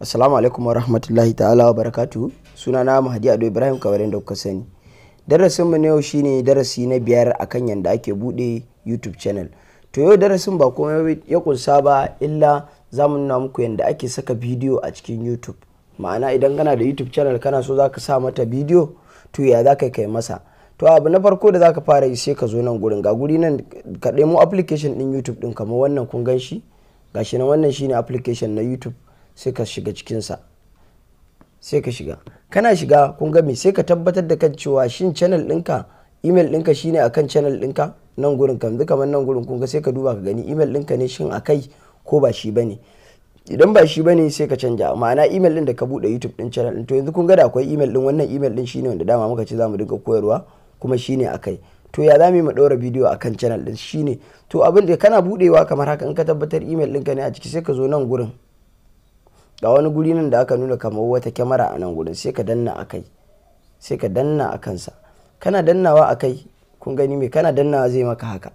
Assalamu alaikum wa rahmatullahi ta'ala wa barakatu suna na Mahadi Ado Ibrahim kamar da kuka sani. Darasin mu na yau shine darasi na biyar akan yanda ake bude YouTube channel. To yau darasin ba kuma ya kunsa ba illa zamu nuna muku yanda ake saka bidiyo a cikin YouTube. Ma'ana idan kana da YouTube channel kana so ka sa mata bidiyo to ya zaka kai masa. To abu na farko da zaka fara yi sai ka zo nan gurin ga guri nan ka mu application din YouTube din kamar wannan kun gan shi. Gashi nan wannan shine application na YouTube. sai ka shiga cikinsa sai ka shiga kana shiga kun gami sai ka tabbatar da kan cewa shin channel ɗinka email ɗinka shine akan channel ɗinka nan gurin kam kamar nan gurin kun sai ka duba ka gani email ɗinka ne shin akai ko ba shi bane idan ba shi bane sai ka canja ma'ana email din da ka bude YouTube din channel din to yanzu kun gada da akwai email din wannan email din shine wanda dama muka ce zamu dinga koyarwa kuma shine akai to ya zamu mu daura bidiyo akan channel din shine to abin da kana budewa kamar haka in ka tabbatar email ɗinka ne a ciki sai ka zo nan gurin ga wani guri nan da aka nuna kamar wata kyamara a nan gurin sai ka danna a kai sai ka danna a kansa kana dannawa a kai kun gani me kana dannawa zai maka haka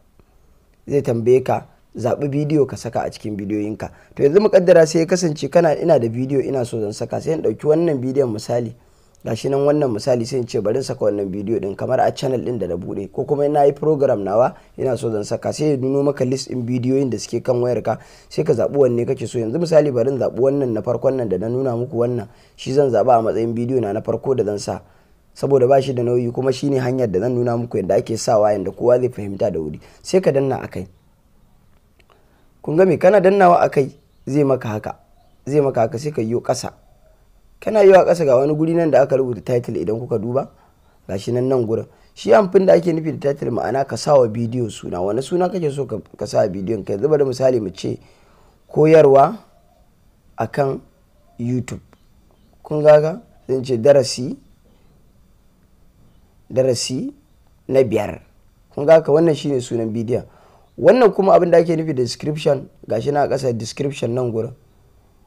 zai tambaye ka zaɓi bidiyo ka saka a cikin bidiyoyinka to yanzu mu kaddara sai ya kasance kana ina da bidiyo ina so zan saka sai in ɗauki wannan bidiyon misali gashi nan wannan misali sai in ce bari saka wannan bidiyo din kamar a channel din da na bude ko kuma na yi program nawa ina so zan saka sai ya nuno maka list din bidiyoyin da suke kan wayar ka sai ka zabi wanne kake so yanzu misali barin in zabi wannan na farkon nan da na nuna muku wannan shi zan zaba a matsayin bidiyo na na farko da zan sa saboda ba shi da nauyi kuma shine hanyar da zan nuna muku yadda ake sawa yanda kowa zai fahimta da wuri sai ka danna akai kun ga me kana dannawa akai zai maka haka zai maka haka sai ka yi kasa kana yi wa ƙasa ga wani guri nan da aka rubuta title idan kuka duba ga shi nan nan gurin shi amfin da ake nufi da title ma'ana ka sa wa bidiyo suna wani suna kake so ka sa bidiyon ka zuba da misali mu ce koyarwa akan youtube kun gaga zan ce darasi darasi na biyar kun gaga wannan shine sunan bidiyon wannan kuma abin da ake nufi da description gashi na ƙasa description nan gurin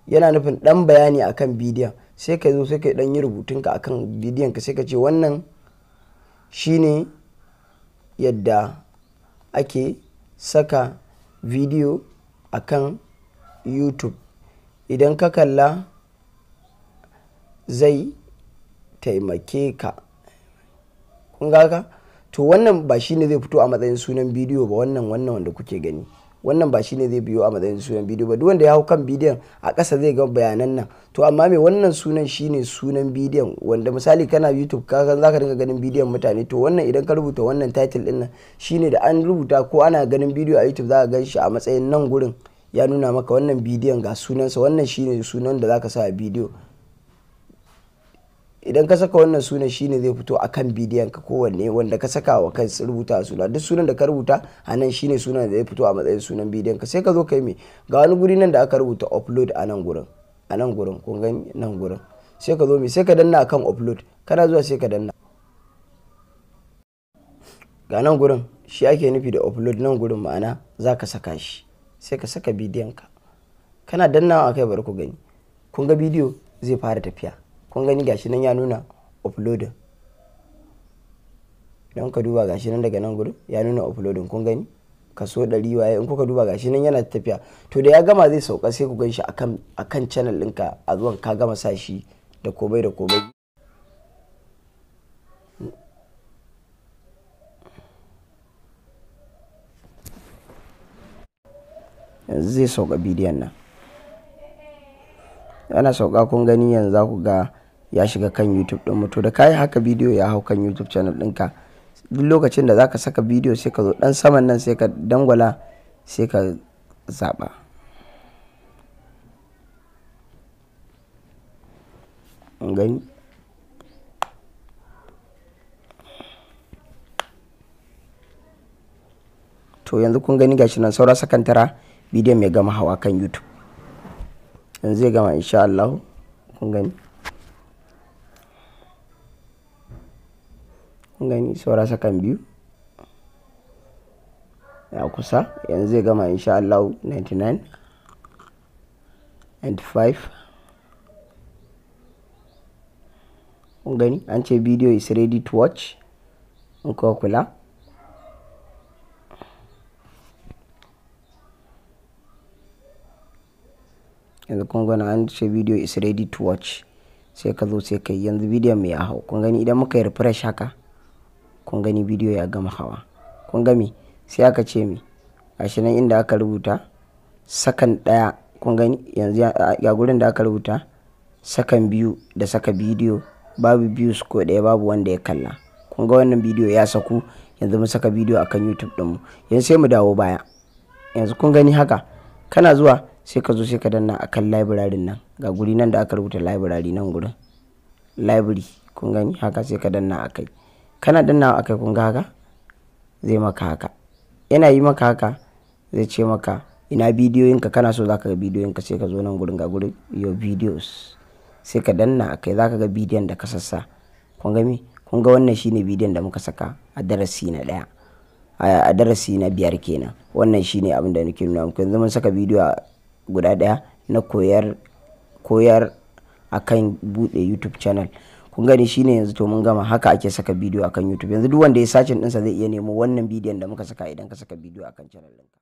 yana nufin dan bayani akan bidiyon sai ka zo sai ka dan yi rubutun ka akan bidiyon ka sai ka ce wannan shine yadda ake saka bidiyo akan youtube idan ka kalla zai taimake ka kun ga to wannan ba shine zai fito a matsayin sunan bidiyo ba wannan wannan wanda kuke gani wannan ba shine zai biyo a matsayin sunan bidiyo ba duk wanda ya hau kan bidiyon a ƙasa zai ga bayanan nan to amma me wannan sunan shine sunan bidiyon wanda misali kana youtube kaga zaka dinga ganin bidiyon mutane to wannan idan ka rubuta wannan title din nan shine da an rubuta ko ana ganin bidiyo a youtube zaka gan shi a matsayin nan gurin ya nuna maka wannan bidiyon ga sunansa wannan shine sunan da zaka sa a bidiyo idan ka saka wannan sunan shine zai fito akan bidiyon ka kowanne wanda ka saka wa kan rubuta suna duk sunan da ka rubuta a nan shine sunan da zai fito a matsayin sunan bidiyon ka sai ka zo kai me ga wani guri nan da aka rubuta upload a nan gurin a nan gurin kun ga nan gurin sai ka zo me sai ka danna akan upload kana zuwa sai ka danna ga nan gurin shi ake nufi da upload nan gurin ma'ana za ka saka shi sai ka saka bidiyon ka kana dannawa akai bari ku gani kun ga bidiyo zai fara tafiya kun gani gashi nan ya nuna uploading idan ka duba gashi nan daga nan gudu ya nuna uploading kun gani kaso 100 waye in kuka duba gashi nan yana tafiya to da ya gama zai sauka sai ku gan shi akan akan channel ɗinka a zuwan ka gama sa shi da komai da komai zai sauka bidiyon nan yana sauka kun gani yanzu za ku ga ya shiga kan youtube din mutu da kayi haka bidiyo ya hau kan youtube channel ɗinka duk lokacin da zaka saka bidiyo sai ka zo dan saman nan sai ka dangwala sai ka zaba gani to yanzu kun gani gashi nan saura sakantara bidiyo mai gama hawa kan youtube yanzu zai gama insha Allah kun gani kun gani saura sakan biyu ya kusa yanzu zai gama insha Allah 99 95 kun gani an ce video is ready to watch in kuwa kula yanzu kun gani an ce video is ready to watch sai ka zo sai ka yi yanzu video mai ya hau kun gani idan muka yi refresh haka kun gani video ya gama hawa kun gami sai aka ce mi gashi nan inda aka rubuta sakan daya kun gani yanzu ya gurin da aka rubuta sakan biyu da saka bidiyo babu biyu ko ɗaya babu wanda ya kalla kun ga wannan bidiyo ya saku yanzu mun saka bidiyo akan youtube ɗinmu yanzu sai mu dawo baya yanzu kun gani haka kana zuwa sai ka zo sai ka danna akan library nan ga guri nan da aka rubuta library nan gurin library kun gani haka sai ka danna akai kana dannawa akai kun ga haka zai maka haka yana yi maka haka zai ce maka ina bidiyoyin ka kana so zaka ga bidiyoyin ka sai ka zo nan gurin ga gurin your videos sai ka danna akai zaka ga bidiyon da ka sassa kun ga me kun ga wannan shine bidiyon da muka saka a darasi na daya a darasi na biyar kenan wannan shine abin da nake nuna muku yanzu mun saka bidiyo guda daya na koyar koyar akan bude youtube channel kun gani shine yanzu to mun gama haka ake saka bidiyo akan youtube yanzu duk wanda ya sacin dinsa zai iya nemo wannan bidiyon da muka saka idan ka saka bidiyo akan channel ɗinka